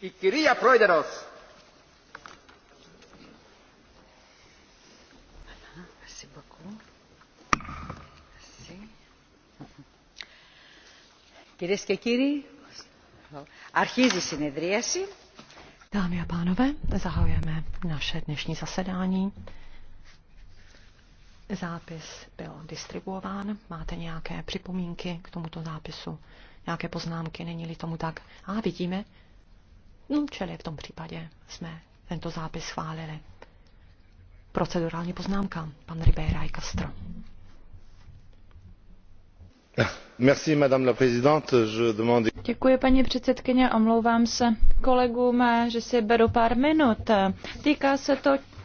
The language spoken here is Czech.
Η κυρία Πρόεδρος. Κυρίες και κύριοι, αρχίζει η συνεδρίαση. Dámy a pánové, zahajujeme naše dnešní zasedání. Zápis byl distribuován. Máte nějaké připomínky k tomuto zápisu? Nějaké poznámky? Není-li tomu tak? A vidíme, No, čili v tom případě jsme tento zápis schválili. Procedurální poznámka, pan Ribeira i Castro. Merci, madame la présidente. Je demande... Děkuji, paní předsedkyně, omlouvám se kolegům, že si beru pár minut. Týká se to